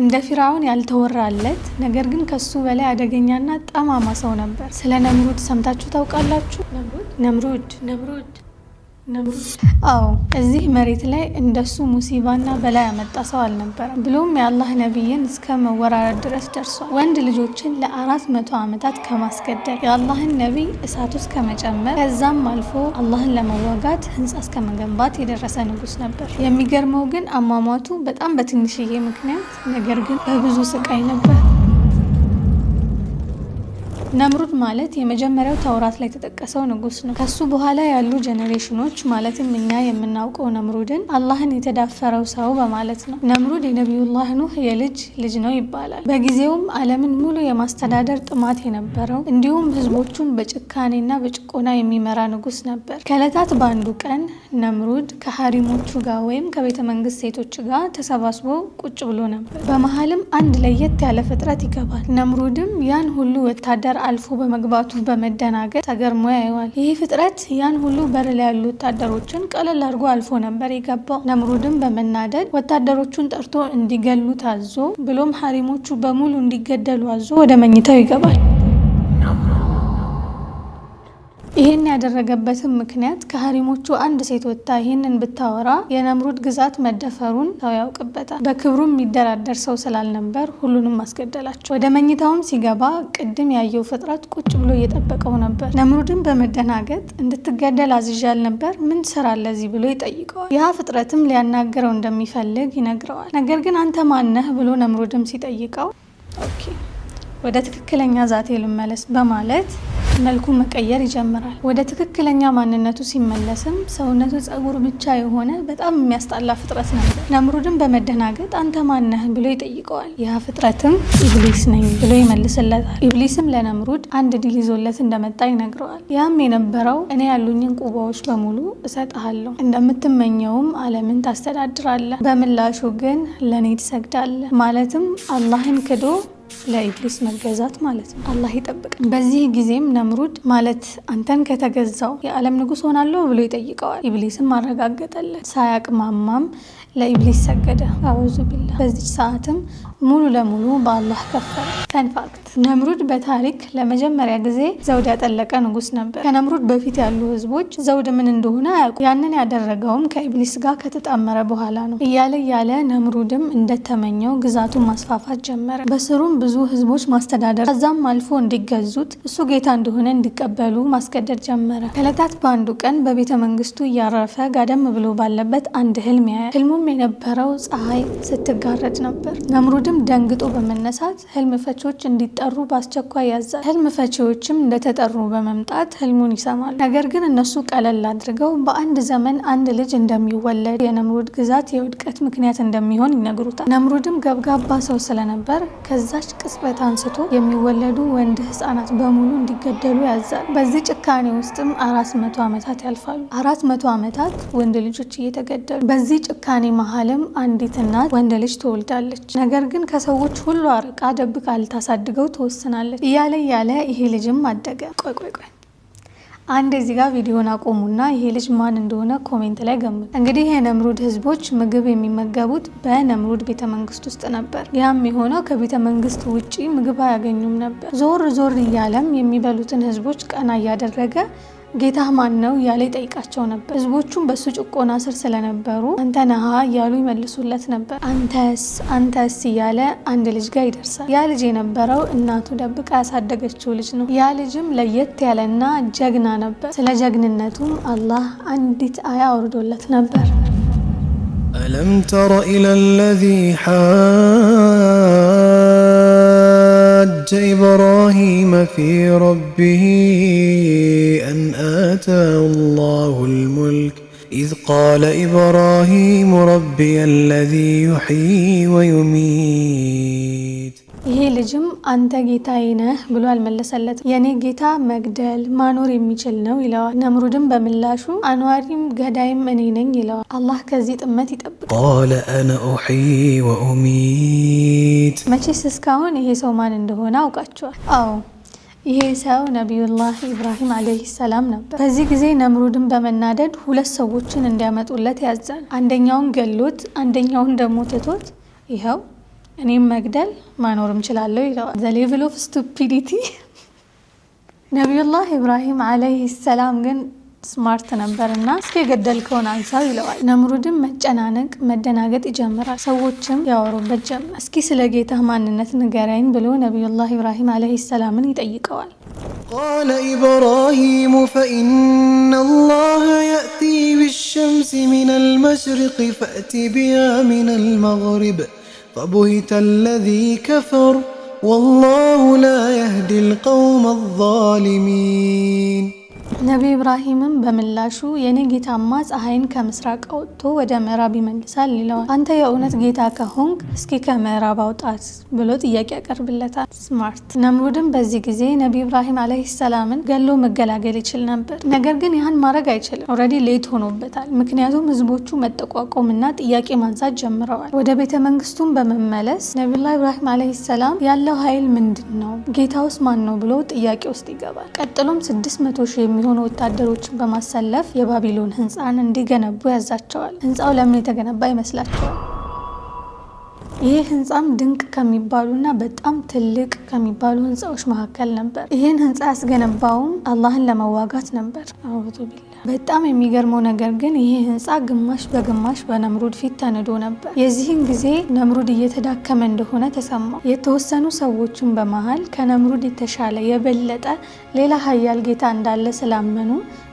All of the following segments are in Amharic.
እንደ ፊራውን ያልተወራለት ነገር ግን ከሱ በላይ አደገኛና ጠማማ ሰው ነበር። ስለ ነምሩድ ሰምታችሁ ታውቃላችሁ? ነምሩድ ነምሩድ አዎ እዚህ መሬት ላይ እንደሱ ሙሲባና በላይ ያመጣ ሰው አልነበረም። ብሎም የአላህ ነቢይን እስከ መወራረድ ድረስ ደርሷል። ወንድ ልጆችን ለአራት መቶ ዓመታት ከማስገደል የአላህን ነቢይ እሳት ውስጥ ከመጨመር ከዛም አልፎ አላህን ለመዋጋት ህንፃ እስከ መገንባት የደረሰ ንጉስ ነበር። የሚገርመው ግን አሟሟቱ በጣም በትንሽዬ ምክንያት ነገር ግን በብዙ ስቃይ ነበር። ነምሩድ ማለት የመጀመሪያው ተውራት ላይ የተጠቀሰው ንጉስ ነው። ከሱ በኋላ ያሉ ጀኔሬሽኖች ማለትም እኛ የምናውቀው ነምሩድን አላህን የተዳፈረው ሰው በማለት ነው። ነምሩድ የነቢዩላህ ኑህ የልጅ ልጅ ነው ይባላል። በጊዜውም ዓለምን ሙሉ የማስተዳደር ጥማት የነበረው እንዲሁም ህዝቦቹን በጭካኔና በጭቆና የሚመራ ንጉስ ነበር። ከእለታት በአንዱ ቀን ነምሩድ ከሀሪሞቹ ጋር ወይም ከቤተ መንግስት ሴቶች ጋር ተሰባስቦ ቁጭ ብሎ ነበር። በመሀልም አንድ ለየት ያለ ፍጥረት ይገባል። ነምሩድም ያን ሁሉ ወታደር አልፎ በመግባቱ በመደናገጥ ተገርሞ ያየዋል። ይህ ፍጥረት ያን ሁሉ በር ላይ ያሉ ወታደሮችን ቀለል አድርጎ አልፎ ነበር የገባው። ነምሩድም በመናደድ ወታደሮቹን ጠርቶ እንዲገሉ ታዞ ብሎም ሀሪሞቹ በሙሉ እንዲገደሉ አዞ ወደ መኝታው ይገባል። ይህን ያደረገበትም ምክንያት ከሀሪሞቹ አንድ ሴት ወጥታ ይህንን ብታወራ የነምሩድ ግዛት መደፈሩን ሰው ያውቅበታል። በክብሩ የሚደራደር ሰው ስላልነበር ሁሉንም አስገደላቸው። ወደ መኝታውም ሲገባ ቅድም ያየው ፍጥረት ቁጭ ብሎ እየጠበቀው ነበር። ነምሩድን በመደናገጥ እንድትገደል አዝዣል ነበር ምን ስራ ለዚህ ብሎ ይጠይቀዋል። ያ ፍጥረትም ሊያናግረው እንደሚፈልግ ይነግረዋል። ነገር ግን አንተ ማነህ ብሎ ነምሩድም ሲጠይቀው ወደ ትክክለኛ ዛቴ ልመለስ በማለት መልኩ መቀየር ይጀምራል። ወደ ትክክለኛ ማንነቱ ሲመለስም ሰውነቱ ጸጉር ብቻ የሆነ በጣም የሚያስጣላ ፍጥረት ነበር። ነምሩድን በመደናገጥ አንተ ማነህ ብሎ ይጠይቀዋል። ያ ፍጥረትም ኢብሊስ ነኝ ብሎ ይመልስለታል። ኢብሊስም ለነምሩድ አንድ ድል ይዞለት እንደመጣ ይነግረዋል። ያም የነበረው እኔ ያሉኝን ቁባዎች በሙሉ እሰጥሃለሁ፣ እንደምትመኘውም ዓለምን ታስተዳድራለህ፣ በምላሹ ግን ለእኔ ትሰግዳለህ ማለትም አላህን ክዶ ለኢብሊስ መገዛት ማለት ነው። አላህ ይጠብቃል። በዚህ ጊዜም ነምሩድ ማለት አንተን ከተገዛው የዓለም ንጉስ ሆናለሁ ብሎ ይጠይቀዋል። ኢብሊስም አረጋገጠለት። ሳያቅማማም ለኢብሊስ ሰገደ። አውዙ ቢላ በዚች ሰዓትም ሙሉ ለሙሉ በአላህ ከፈለ። ፈንፋክት ነምሩድ በታሪክ ለመጀመሪያ ጊዜ ዘውድ ያጠለቀ ንጉስ ነበር። ከነምሩድ በፊት ያሉ ህዝቦች ዘውድ ምን እንደሆነ አያውቁ። ያንን ያደረገውም ከኢብሊስ ጋር ከተጣመረ በኋላ ነው። እያለ እያለ ነምሩድም እንደተመኘው ግዛቱን ማስፋፋት ጀመረ። በስሩም ብዙ ህዝቦች ማስተዳደር፣ ከዛም አልፎ እንዲገዙት እሱ ጌታ እንደሆነ እንዲቀበሉ ማስገደድ ጀመረ። ከለታት በአንዱ ቀን በቤተ መንግስቱ እያረፈ ጋደም ብሎ ባለበት አንድ ህልም ያያል። ህልሙም የነበረው ፀሐይ ስትጋረድ ነበር። ነምሩድ ዳዊትም ደንግጦ በመነሳት ህልም ፈቺዎች እንዲጠሩ በአስቸኳይ ያዛል። ህልም ፈቺዎችም እንደተጠሩ በመምጣት ህልሙን ይሰማሉ። ነገር ግን እነሱ ቀለል አድርገው በአንድ ዘመን አንድ ልጅ እንደሚወለድ የነምሩድ ግዛት የውድቀት ምክንያት እንደሚሆን ይነግሩታል። ነምሩድም ገብጋባ ሰው ስለነበር ከዛች ቅጽበት አንስቶ የሚወለዱ ወንድ ህጻናት በሙሉ እንዲገደሉ ያዛል። በዚህ ጭካኔ ውስጥም አራት መቶ ዓመታት ያልፋሉ። አራት መቶ ዓመታት ወንድ ልጆች እየተገደሉ በዚህ ጭካኔ መሀልም አንዲት እናት ወንድ ልጅ ትወልዳለች። ነገር ግን ግን ከሰዎች ሁሉ አርቃ ደብቃ ልታሳድገው ትወስናለች። እያለ እያለ ይሄ ልጅም አደገ። ቆይ ቆይ ቆይ አንድ እዚህ ጋር ቪዲዮን አቆሙና ይሄ ልጅ ማን እንደሆነ ኮሜንት ላይ ገምቱ። እንግዲህ የነምሩድ ህዝቦች ምግብ የሚመገቡት በነምሩድ ቤተ መንግስት ውስጥ ነበር። ያም የሆነው ከቤተ መንግስት ውጪ ምግብ አያገኙም ነበር። ዞር ዞር እያለም የሚበሉትን ህዝቦች ቀና እያደረገ ጌታ ማን ነው እያለ ይጠይቃቸው ነበር። ህዝቦቹም በእሱ ጭቆና ስር ስለነበሩ አንተ ነሃ እያሉ ይመልሱለት ነበር። አንተስ አንተስ እያለ አንድ ልጅ ጋር ይደርሳል። ያ ልጅ የነበረው እናቱ ደብቃ ያሳደገችው ልጅ ነው። ያ ልጅም ለየት ያለና ጀግና ነበር። ስለ ጀግንነቱም አላህ አንዲት አያ አውርዶለት ነበር። አለም ተረ ኢለለዚ إبراهيم في ربه أن آتاه الله الملك إذ قال إبراهيم ربي الذي يحيي ويميت ይሄ ልጅም አንተ ጌታዬ ነህ ብሎ አልመለሰለትም። የእኔ ጌታ መግደል ማኖር የሚችል ነው ይለዋል። ነምሩድም በምላሹ አኗሪም ገዳይም እኔ ነኝ ይለዋል። አላህ ከዚህ ጥመት ይጠብቃል። ቃለ አነ ኡሕይ ወኡሚት። መቼስ እስካሁን ይሄ ሰው ማን እንደሆነ አውቃቸዋል። አዎ ይሄ ሰው ነቢዩላህ ኢብራሂም ዓለይሂ ሰላም ነበር። በዚህ ጊዜ ነምሩድን በመናደድ ሁለት ሰዎችን እንዲያመጡለት ያዛል። አንደኛውን ገሎት፣ አንደኛውን ደግሞ ትቶት ይኸው እኔም መግደል ማኖር እንችላለሁ ይለዋል። ዘ ሌቭል ኦፍ ስቱፒዲቲ ነቢዩላህ ኢብራሂም ዓለይሂ ሰላም ግን ስማርት ነበር እና እስኪ የገደልከውን አንሳው ይለዋል። ነምሩድም መጨናነቅ መደናገጥ ይጀምራል። ሰዎችም ያወሩበት ጀመር። እስኪ ስለ ጌታህ ማንነት ንገረኝ ብሎ ነቢዩላህ ኢብራሂም ዓለይሂ ሰላምን ይጠይቀዋል። ቃለ ኢብራሂሙ ፈኢነ ላህ የእቲ ብሸምሲ ሚነል መሽሪቅ ፈእቲ ቢሃ ሚነል መግሪብ فبهت الذي كفر والله لا يهدي القوم الظالمين ነቢዩ ኢብራሂምም በምላሹ የኔ ጌታማ ፀሐይን ከምስራቅ አውጥቶ ወደ ምዕራብ ይመልሳል ይለዋል። አንተ የእውነት ጌታ ከሆንክ እስኪ ከምዕራብ አውጣት ብሎ ጥያቄ ያቀርብለታል። ስማርት ነምሩድም በዚህ ጊዜ ነቢዩ ኢብራሂም ዓለይሂ ሰላምን ገሎ መገላገል ይችል ነበር። ነገር ግን ያህን ማድረግ አይችልም። ኦልሬዲ ሌት ሆኖበታል። ምክንያቱም ህዝቦቹ መጠቋቆምና ጥያቄ ማንሳት ጀምረዋል። ወደ ቤተ መንግስቱን በመመለስ ነቢዩላህ ኢብራሂም ዓለይሂ ሰላም ያለው ኃይል ምንድን ነው? ጌታ ውስጥ ማን ነው ብሎ ጥያቄ ውስጥ ይገባል። ቀጥሎም ስድስት መቶ ሺህ የሚሆኑ ወታደሮችን በማሰለፍ የባቢሎን ህንፃን እንዲገነቡ ያዛቸዋል። ህንፃው ለምን የተገነባ ይመስላቸዋል? ይህ ህንፃም ድንቅ ከሚባሉና በጣም ትልቅ ከሚባሉ ህንፃዎች መካከል ነበር። ይህን ህንፃ ያስገነባውም አላህን ለመዋጋት ነበር። አውዙ ቢላ በጣም የሚገርመው ነገር ግን ይህ ህንፃ ግማሽ በግማሽ በነምሩድ ፊት ተንዶ ነበር። የዚህን ጊዜ ነምሩድ እየተዳከመ እንደሆነ ተሰማው። የተወሰኑ ሰዎችን በመሀል ከነምሩድ የተሻለ የበለጠ ሌላ ሀያል ጌታ እንዳለ ስላመኑ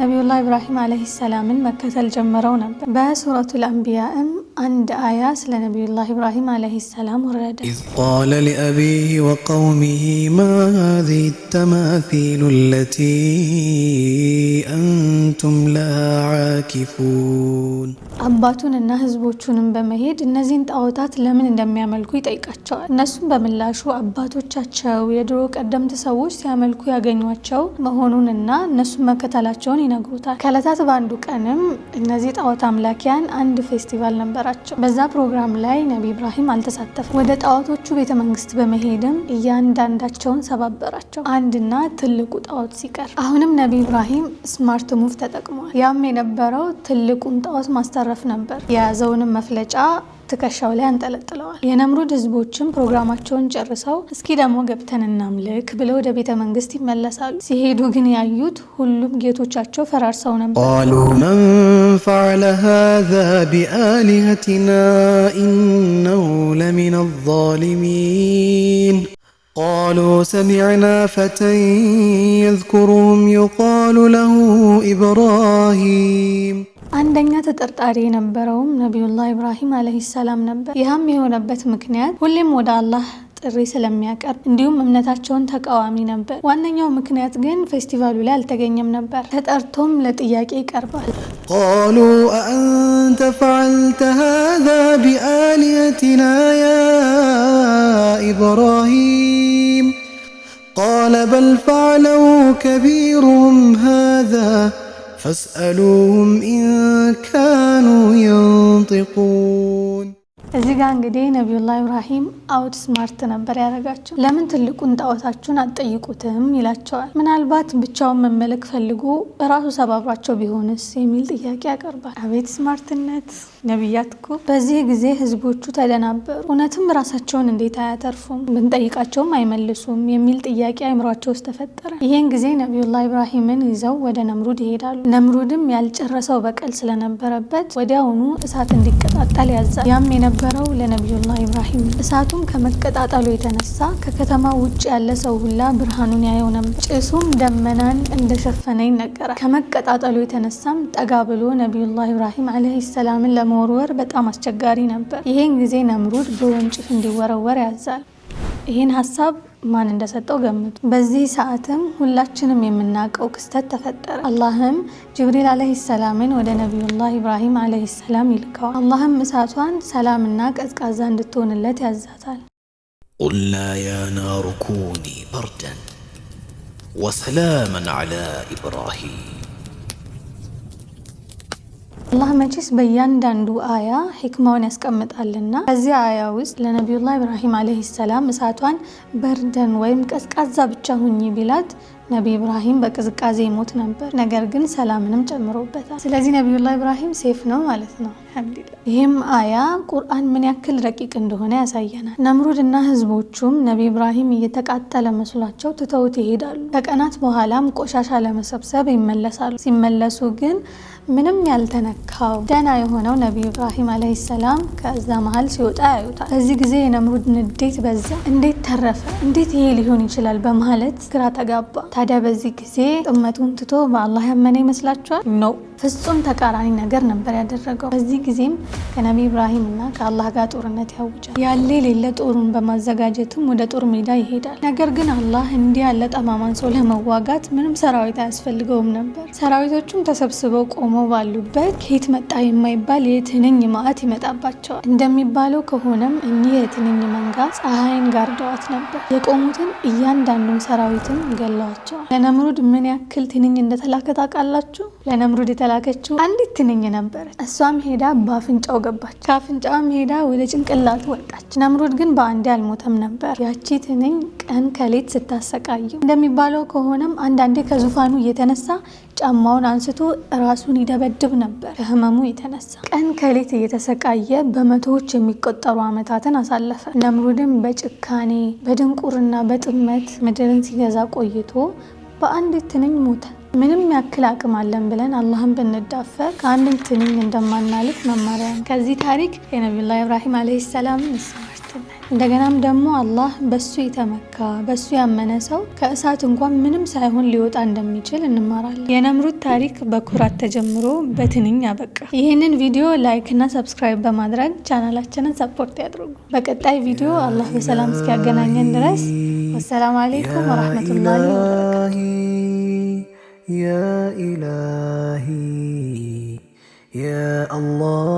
ነቢዩላህ ኢብራሂም አለህ ሰላምን መከተል ጀምረው ነበር። በሱረቱል አንቢያእም አንድ አያ ስለ ነቢዩላህ ኢብራሂም ዓለይሂ ሰላም ወረደ። ኢዝ ቃለ ሊአቢህ ወቀውሚሂ ማ ተማሲሉ አለቲ አንቱም ለሃ አባቱን እና ህዝቦቹንም በመሄድ እነዚህን ጣዖታት ለምን እንደሚያመልኩ ይጠይቃቸዋል። እነሱም በምላሹ አባቶቻቸው የድሮ ቀደምት ሰዎች ሲያመልኩ ያገኟቸው እና እነሱን መከተላቸውን ይነግሩታል። ከዕለታት በአንዱ ቀንም እነዚህ ጣዖት አምላኪያን አንድ ፌስቲቫል ነበር ነበራቸው። በዛ ፕሮግራም ላይ ነቢ ኢብራሂም አልተሳተፈም። ወደ ጣዖቶቹ ቤተ መንግስት በመሄድም እያንዳንዳቸውን ሰባበራቸው፣ አንድና ትልቁ ጣዖት ሲቀር። አሁንም ነቢ ኢብራሂም ስማርት ሙቭ ተጠቅሟል። ያም የነበረው ትልቁን ጣዖት ማስተረፍ ነበር። የያዘውንም መፍለጫ ትከሻው ላይ አንጠለጥለዋል። የነምሩድ ህዝቦችም ፕሮግራማቸውን ጨርሰው እስኪ ደግሞ ገብተን እናምልክ ብለው ወደ ቤተ መንግስት ይመለሳሉ። ሲሄዱ ግን ያዩት ሁሉም ጌቶቻቸው ፈራርሰው ነበር። ቃሉ መን ፈዓለ ሃዛ ቢአሊሀቲና ኢነሁ ለሚነ ዛሊሚን قالوا سمعنا فتى يذكرهم يقال له إبراهيم አንደኛ ተጠርጣሪ የነበረውም ነቢዩላህ ኢብራሂም አለህ ሰላም ነበር። ይህም የሆነበት ምክንያት ሁሌም ወደ አላህ ጥሪ ስለሚያቀርብ እንዲሁም እምነታቸውን ተቃዋሚ ነበር። ዋነኛው ምክንያት ግን ፌስቲቫሉ ላይ አልተገኘም ነበር። ተጠርቶም ለጥያቄ ይቀርባል። ቃሉ አአንተ ፈዓልተ ሃዛ ቢአሊየትና ያ ኢብራሂም ቃለ በል ፈዓለው ከቢሩሁም ሃዛ ፈስአሉሁም ኢን ካኑ የንጢቁን ጋር እንግዲህ ነቢዩላ ኢብራሂም አውት ስማርት ነበር ያደረጋቸው። ለምን ትልቁን ጣዖታችሁን አትጠይቁትም ይላቸዋል። ምናልባት ብቻውን መመለክ ፈልጉ ራሱ ሰባብሯቸው ቢሆንስ የሚል ጥያቄ ያቀርባል። አቤት ስማርትነት! ነቢያት እኮ በዚህ ጊዜ ህዝቦቹ ተደናበሩ። እውነትም ራሳቸውን እንዴት አያተርፉም? ብንጠይቃቸውም አይመልሱም የሚል ጥያቄ አይምሯቸው ውስጥ ተፈጠረ። ይህን ጊዜ ነቢዩላ ኢብራሂምን ይዘው ወደ ነምሩድ ይሄዳሉ። ነምሩድም ያልጨረሰው በቀል ስለነበረበት ወዲያውኑ እሳት እንዲቀጣጠል ያዛል። ያም የነበረው ለነቢዩላህ ኢብራሂም። እሳቱም ከመቀጣጠሉ የተነሳ ከከተማ ውጭ ያለ ሰው ሁላ ብርሃኑን ያየው ነበር። ጭሱም ደመናን እንደሸፈነ ይነገራል። ከመቀጣጠሉ የተነሳም ጠጋ ብሎ ነቢዩላህ ኢብራሂም ዓለይሂ ሰላምን ለመወርወር በጣም አስቸጋሪ ነበር። ይሄን ጊዜ ነምሩድ በወንጭፍ እንዲወረወር ያዛል። ይህን ሀሳብ ማን እንደሰጠው ገምቱ። በዚህ ሰዓትም ሁላችንም የምናውቀው ክስተት ተፈጠረ። አላህም ጅብሪል አለህ ሰላምን ወደ ነቢዩላህ ኢብራሂም አለህ ሰላም ይልከዋል። አላህም እሳቷን ሰላምና ቀዝቃዛ እንድትሆንለት ያዛታል። ቁልና ያ ናሩ ኩኒ በርደን ወሰላመን አላ ኢብራሂም አላህ መቼስ በእያንዳንዱ አያ ሂክማውን ያስቀምጣልና ከዚህ አያ ውስጥ ለነቢዩላህ ኢብራሂም ዓለይሂ ሰላም እሳቷን በርደን ወይም ቀዝቃዛ ብቻ ሁኚ ቢላት ነቢይ ኢብራሂም በቅዝቃዜ ይሞት ነበር፣ ነገር ግን ሰላምንም ጨምሮበታል። ስለዚህ ነቢዩላ ኢብራሂም ሴፍ ነው ማለት ነው። አልሐምዱሊላህ። ይህም አያ ቁርአን ምን ያክል ረቂቅ እንደሆነ ያሳየናል። ነምሩድ እና ህዝቦቹም ነቢይ ኢብራሂም እየተቃጠለ መስሏቸው ትተውት ይሄዳሉ። ከቀናት በኋላም ቆሻሻ ለመሰብሰብ ይመለሳሉ። ሲመለሱ ግን ምንም ያልተነካው ደህና የሆነው ነቢዩ ኢብራሂም አለይሂ ሰላም ከዛ መሀል ሲወጣ ያዩታል። በዚህ ጊዜ የነምሩድ ንዴት በዛ። እንዴት ተረፈ? እንዴት ይሄ ሊሆን ይችላል? በማለት ግራ ተጋባ። ታዲያ በዚህ ጊዜ ጥመቱን ትቶ በአላህ ያመነ ይመስላችኋል ነው ፍጹም ተቃራኒ ነገር ነበር ያደረገው። በዚህ ጊዜም ከነቢ ኢብራሂም እና ከአላህ ጋር ጦርነት ያውጃል። ያለ የሌለ ጦሩን በማዘጋጀትም ወደ ጦር ሜዳ ይሄዳል። ነገር ግን አላህ እንዲህ ያለ ጠማማን ሰው ለመዋጋት ምንም ሰራዊት አያስፈልገውም ነበር። ሰራዊቶቹም ተሰብስበው ቆመው ባሉበት ከየት መጣ የማይባል የትንኝ ማዕት ይመጣባቸዋል። እንደሚባለው ከሆነም እኒህ የትንኝ መንጋ ፀሐይን ጋርደዋት ነበር። የቆሙትን እያንዳንዱን ሰራዊትም ገለዋቸዋል። ለነምሩድ ምን ያክል ትንኝ እንደተላከ ታውቃላችሁ? ለነምሩድ የተላከችው አንዲት ትንኝ ነበረ እሷም ሄዳ በአፍንጫው ገባች፣ ከአፍንጫውም ሄዳ ወደ ጭንቅላቱ ወጣች። ነምሩድ ግን በአንዴ አልሞተም ነበር። ያቺ ትንኝ ቀን ከሌት ስታሰቃየው እንደሚባለው ከሆነም አንዳንዴ ከዙፋኑ እየተነሳ ጫማውን አንስቶ ራሱን ይደበድብ ነበር። ከህመሙ የተነሳ ቀን ከሌት እየተሰቃየ በመቶዎች የሚቆጠሩ ዓመታትን አሳለፈ። ነምሩድም በጭካኔ በድንቁርና በጥመት ምድርን ሲገዛ ቆይቶ በአንዲት ትንኝ ሞተ። ምንም ያክል አቅም አለን ብለን አላህን ብንዳፈር ከአንድም ትንኝ እንደማናልፍ መማሪያ ነው። ከዚህ ታሪክ የነቢዩላ ኢብራሂም ዓለይሂ ሰላም እንስማርትናል። እንደገናም ደግሞ አላህ በሱ የተመካ በሱ ያመነ ሰው ከእሳት እንኳን ምንም ሳይሆን ሊወጣ እንደሚችል እንማራለን። የነምሩት ታሪክ በኩራት ተጀምሮ በትንኝ አበቃ። ይህንን ቪዲዮ ላይክ እና ሰብስክራይብ በማድረግ ቻናላችንን ሰፖርት ያድርጉ። በቀጣይ ቪዲዮ አላህ በሰላም እስኪያገናኘን ድረስ ወሰላም አሌይኩም ወረህመቱላሂ ወበረካቱ። يا إلهي يا الله